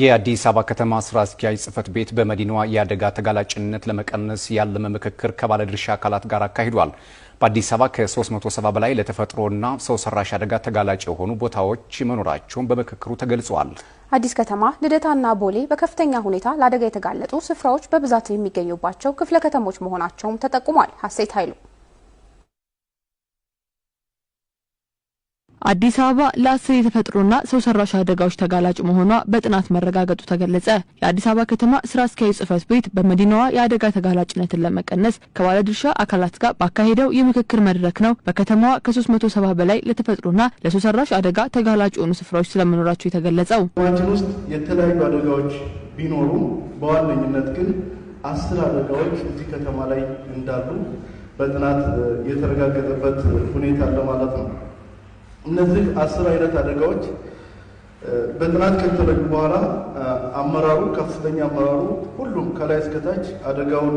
የአዲስ አበባ ከተማ ስራ አስኪያጅ ጽህፈት ቤት በመዲናዋ የአደጋ ተጋላጭነት ለመቀነስ ያለመ ምክክር ከባለድርሻ አካላት ጋር አካሂዷል። በአዲስ አበባ ከ370 በላይ ለተፈጥሮና ሰው ሰራሽ አደጋ ተጋላጭ የሆኑ ቦታዎች መኖራቸውን በምክክሩ ተገልጿል። አዲስ ከተማ፣ ልደታና ቦሌ በከፍተኛ ሁኔታ ለአደጋ የተጋለጡ ስፍራዎች በብዛት የሚገኙባቸው ክፍለ ከተሞች መሆናቸውም ተጠቁሟል። ሀሴት ኃይሉ አዲስ አበባ ለአስር የተፈጥሮና ሰው ሰራሽ አደጋዎች ተጋላጭ መሆኗ በጥናት መረጋገጡ ተገለጸ። የአዲስ አበባ ከተማ ስራ አስኪያጅ ጽህፈት ቤት በመዲናዋ የአደጋ ተጋላጭነትን ለመቀነስ ከባለድርሻ አካላት ጋር ባካሄደው የምክክር መድረክ ነው በከተማዋ ከ370 በላይ ለተፈጥሮና ለሰው ሰራሽ አደጋ ተጋላጭ የሆኑ ስፍራዎች ስለመኖራቸው የተገለጸው። ሀገራችን ውስጥ የተለያዩ አደጋዎች ቢኖሩም በዋነኝነት ግን አስር አደጋዎች እዚህ ከተማ ላይ እንዳሉ በጥናት የተረጋገጠበት ሁኔታ አለ ማለት ነው። እነዚህ አስር አይነት አደጋዎች በጥናት ከተደረጉ በኋላ አመራሩ ከፍተኛ አመራሩ ሁሉም ከላይ እስከታች አደጋውን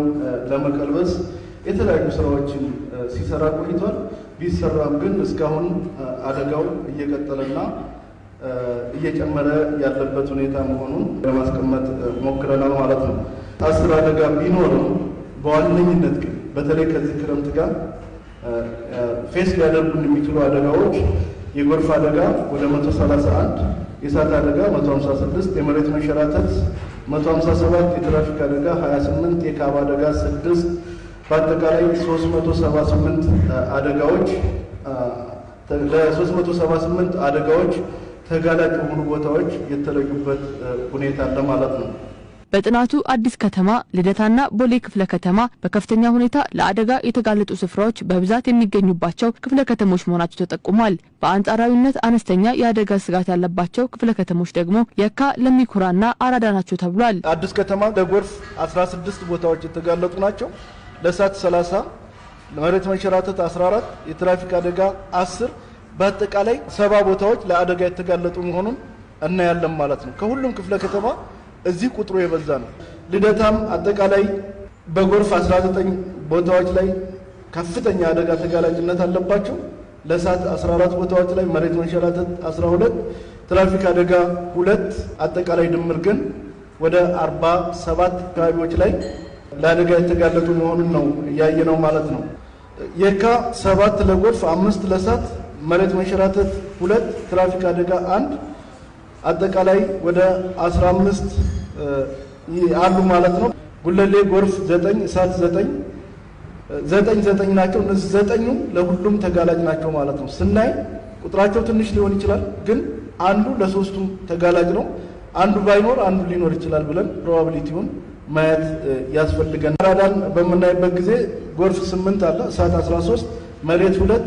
ለመቀልበስ የተለያዩ ስራዎችን ሲሰራ ቆይቷል። ቢሰራም ግን እስካሁን አደጋው እየቀጠለና እየጨመረ ያለበት ሁኔታ መሆኑን ለማስቀመጥ ሞክረናል ማለት ነው። አስር አደጋ ቢኖርም በዋነኝነት ግን በተለይ ከዚህ ክረምት ጋር ፌስ ሊያደርጉን የሚችሉ አደጋዎች የጎርፍ አደጋ ወደ 131፣ የእሳት አደጋ 156፣ የመሬት መንሸራተት 157፣ የትራፊክ አደጋ 28፣ የካብ አደጋ 6 በአጠቃላይ 378 አደጋዎች ለ378 አደጋዎች ተጋላጭ የሆኑ ቦታዎች የተለዩበት ሁኔታ አለ ማለት ነው። በጥናቱ አዲስ ከተማ፣ ልደታና ቦሌ ክፍለ ከተማ በከፍተኛ ሁኔታ ለአደጋ የተጋለጡ ስፍራዎች በብዛት የሚገኙባቸው ክፍለ ከተሞች መሆናቸው ተጠቁሟል። በአንጻራዊነት አነስተኛ የአደጋ ስጋት ያለባቸው ክፍለ ከተሞች ደግሞ የካ፣ ለሚኩራና አራዳ ናቸው ተብሏል። አዲስ ከተማ ለጎርፍ 16 ቦታዎች የተጋለጡ ናቸው። ለእሳት 30፣ ለመሬት መንሸራተት 14፣ የትራፊክ አደጋ 10፣ በአጠቃላይ ሰባ ቦታዎች ለአደጋ የተጋለጡ መሆኑን እናያለን ማለት ነው። ከሁሉም ክፍለ ከተማ እዚህ ቁጥሩ የበዛ ነው። ልደታም አጠቃላይ በጎርፍ 19 ቦታዎች ላይ ከፍተኛ አደጋ ተጋላጭነት አለባቸው። ለእሳት 14 ቦታዎች ላይ፣ መሬት መንሸራተት 12፣ ትራፊክ አደጋ ሁለት። አጠቃላይ ድምር ግን ወደ 47 አካባቢዎች ላይ ለአደጋ የተጋለጡ መሆኑን ነው ነው ማለት ነው። የካ ሰባት ለጎርፍ አምስት ለእሳት መሬት መንሸራተት ሁለት ትራፊክ አደጋ አንድ አጠቃላይ ወደ 15 አሉ ማለት ነው። ጉለሌ ጎርፍ ዘጠኝ እሳት ዘጠኝ ዘጠኝ ዘጠኝ ናቸው። እነዚህ ዘጠኙ ለሁሉም ተጋላጭ ናቸው ማለት ነው። ስናይ ቁጥራቸው ትንሽ ሊሆን ይችላል፣ ግን አንዱ ለሶስቱም ተጋላጭ ነው። አንዱ ባይኖር አንዱ ሊኖር ይችላል ብለን ፕሮባቢሊቲውን ማየት ያስፈልገናል። አራዳን በምናይበት ጊዜ ጎርፍ ስምንት አለ፣ እሳት 13፣ መሬት ሁለት፣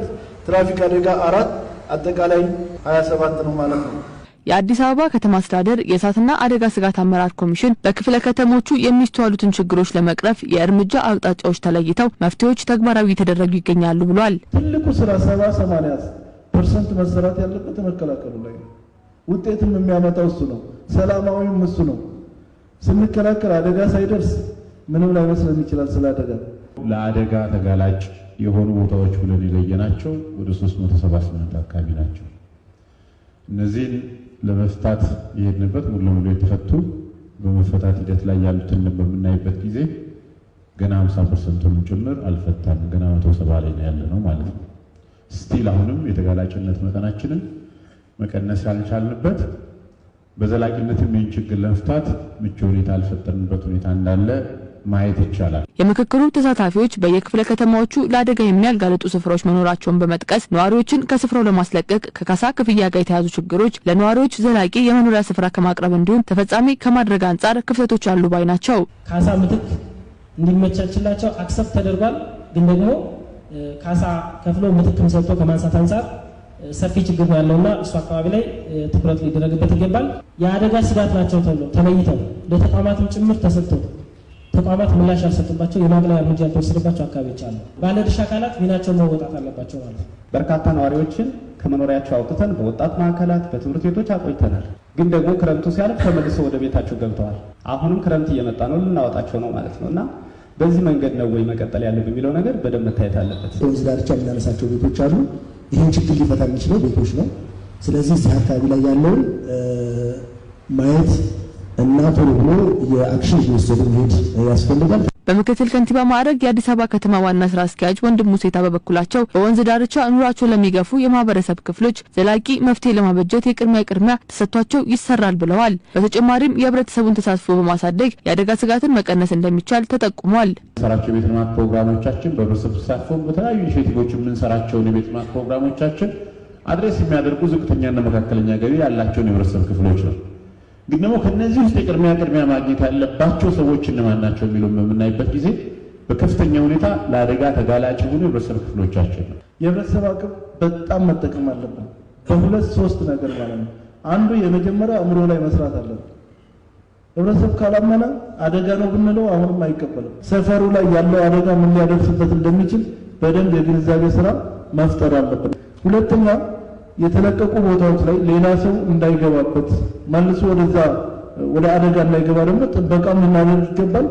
ትራፊክ አደጋ አራት፣ አጠቃላይ 27 ነው ማለት ነው። የአዲስ አበባ ከተማ አስተዳደር የእሳትና አደጋ ስጋት አመራር ኮሚሽን በክፍለ ከተሞቹ የሚስተዋሉትን ችግሮች ለመቅረፍ የእርምጃ አቅጣጫዎች ተለይተው መፍትሄዎች ተግባራዊ እየተደረጉ ይገኛሉ ብሏል። ትልቁ ስራ ሰባ ሰማንያ ፐርሰንት መሰራት ያለበት መከላከሉ ላይ ውጤትም የሚያመጣው እሱ ነው። ሰላማዊም እሱ ነው። ስንከላከል አደጋ ሳይደርስ ምንም ላይመስለን ይችላል። ስለ አደጋ ለአደጋ ተጋላጭ የሆኑ ቦታዎች ብለን የለየናቸው ወደ 378 አካባቢ ናቸው። እነዚህን ለመፍታት የሄድንበት ሙሉ ለሙሉ የተፈቱ በመፈታት ሂደት ላይ ያሉትን በምናይበት ጊዜ ገና 50 ፐርሰንቱንም ጭምር አልፈታም። ገና መቶ ሰባ ላይ ነው ያለ ነው ማለት ነው። ስቲል አሁንም የተጋላጭነት መጠናችንን መቀነስ ያልቻልንበት በዘላቂነትም ይህን ችግር ለመፍታት ምቹ ሁኔታ አልፈጠርንበት ሁኔታ እንዳለ ማየት ይቻላል። የምክክሩ ተሳታፊዎች በየክፍለ ከተማዎቹ ለአደጋ የሚያጋልጡ ስፍራዎች መኖራቸውን በመጥቀስ ነዋሪዎችን ከስፍራው ለማስለቀቅ ከካሳ ክፍያ ጋር የተያዙ ችግሮች ለነዋሪዎች ዘላቂ የመኖሪያ ስፍራ ከማቅረብ እንዲሁም ተፈጻሚ ከማድረግ አንጻር ክፍተቶች አሉ ባይ ናቸው። ካሳ ምትክ እንዲመቻችላቸው አክሰፕት ተደርጓል። ግን ደግሞ ካሳ ከፍሎ ምትክም ሰጥቶ ከማንሳት አንጻር ሰፊ ችግር ነው ያለውና እሱ አካባቢ ላይ ትኩረት ሊደረግበት ይገባል። የአደጋ ስጋት ናቸው ተብሎ ተለይተው ለተቋማትም ጭምር ተሰጥቶ ተቋማት ምላሽ ያልሰጡባቸው የማግለያ እርምጃ ያልተወሰደባቸው አካባቢዎች አሉ። ባለድርሻ አካላት ሚናቸውን መወጣት አለባቸው ማለት ነው። በርካታ ነዋሪዎችን ከመኖሪያቸው አውጥተን በወጣት ማዕከላት፣ በትምህርት ቤቶች አቆይተናል። ግን ደግሞ ክረምቱ ሲያልፍ ተመልሰው ወደ ቤታቸው ገብተዋል። አሁንም ክረምት እየመጣ ነው፣ ልናወጣቸው ነው ማለት ነው እና በዚህ መንገድ ነው ወይ መቀጠል ያለው የሚለው ነገር በደንብ መታየት አለበት። ወንዝ ዳርቻ የምናነሳቸው ቤቶች አሉ። ይህን ችግር ሊፈታ የሚችለው ቤቶች ነው። ስለዚህ እዚህ አካባቢ ላይ ያለውን ማየት እናቱን ብሎ የአክሽን ሚኒስትር ሄድ ያስፈልጋል። በምክትል ከንቲባ ማዕረግ የአዲስ አበባ ከተማ ዋና ስራ አስኪያጅ ወንድሙ ሴታ በበኩላቸው በወንዝ ዳርቻ ኑሯቸው ለሚገፉ የማህበረሰብ ክፍሎች ዘላቂ መፍትሄ ለማበጀት የቅድሚያ ቅድሚያ ተሰጥቷቸው ይሰራል ብለዋል። በተጨማሪም የህብረተሰቡን ተሳትፎ በማሳደግ የአደጋ ስጋትን መቀነስ እንደሚቻል ተጠቁሟል። የምንሰራቸው የቤት ልማት ፕሮግራሞቻችን በህብረተሰብ ተሳትፎ በተለያዩ ኢኒሽቲቮች የምንሰራቸውን የቤት ልማት ፕሮግራሞቻችን አድሬስ የሚያደርጉ ዝቅተኛና መካከለኛ ገቢ ያላቸውን የህብረተሰብ ክፍሎች ነው። ግን ደግሞ ከነዚህ ውስጥ የቅድሚያ ቅድሚያ ማግኘት ያለባቸው ሰዎች እነማን ናቸው የሚለውን በምናይበት ጊዜ በከፍተኛ ሁኔታ ለአደጋ ተጋላጭ የሆኑ የህብረተሰብ ክፍሎቻችን ነው። የህብረተሰብ አቅም በጣም መጠቀም አለብን። በሁለት ሶስት ነገር ማለት ነው። አንዱ የመጀመሪያ አእምሮ ላይ መስራት አለብን። ህብረተሰብ ካላመነ አደጋ ነው ብንለው አሁንም አይቀበልም። ሰፈሩ ላይ ያለው አደጋ ምን ሊያደርስበት እንደሚችል በደንብ የግንዛቤ ስራ መፍጠር አለብን። ሁለተኛ የተለቀቁ ቦታዎች ላይ ሌላ ሰው እንዳይገባበት መልሶ ወደዛ ወደ አደጋ እንዳይገባ ደግሞ ጥበቃ ልናደርግ ይገባል።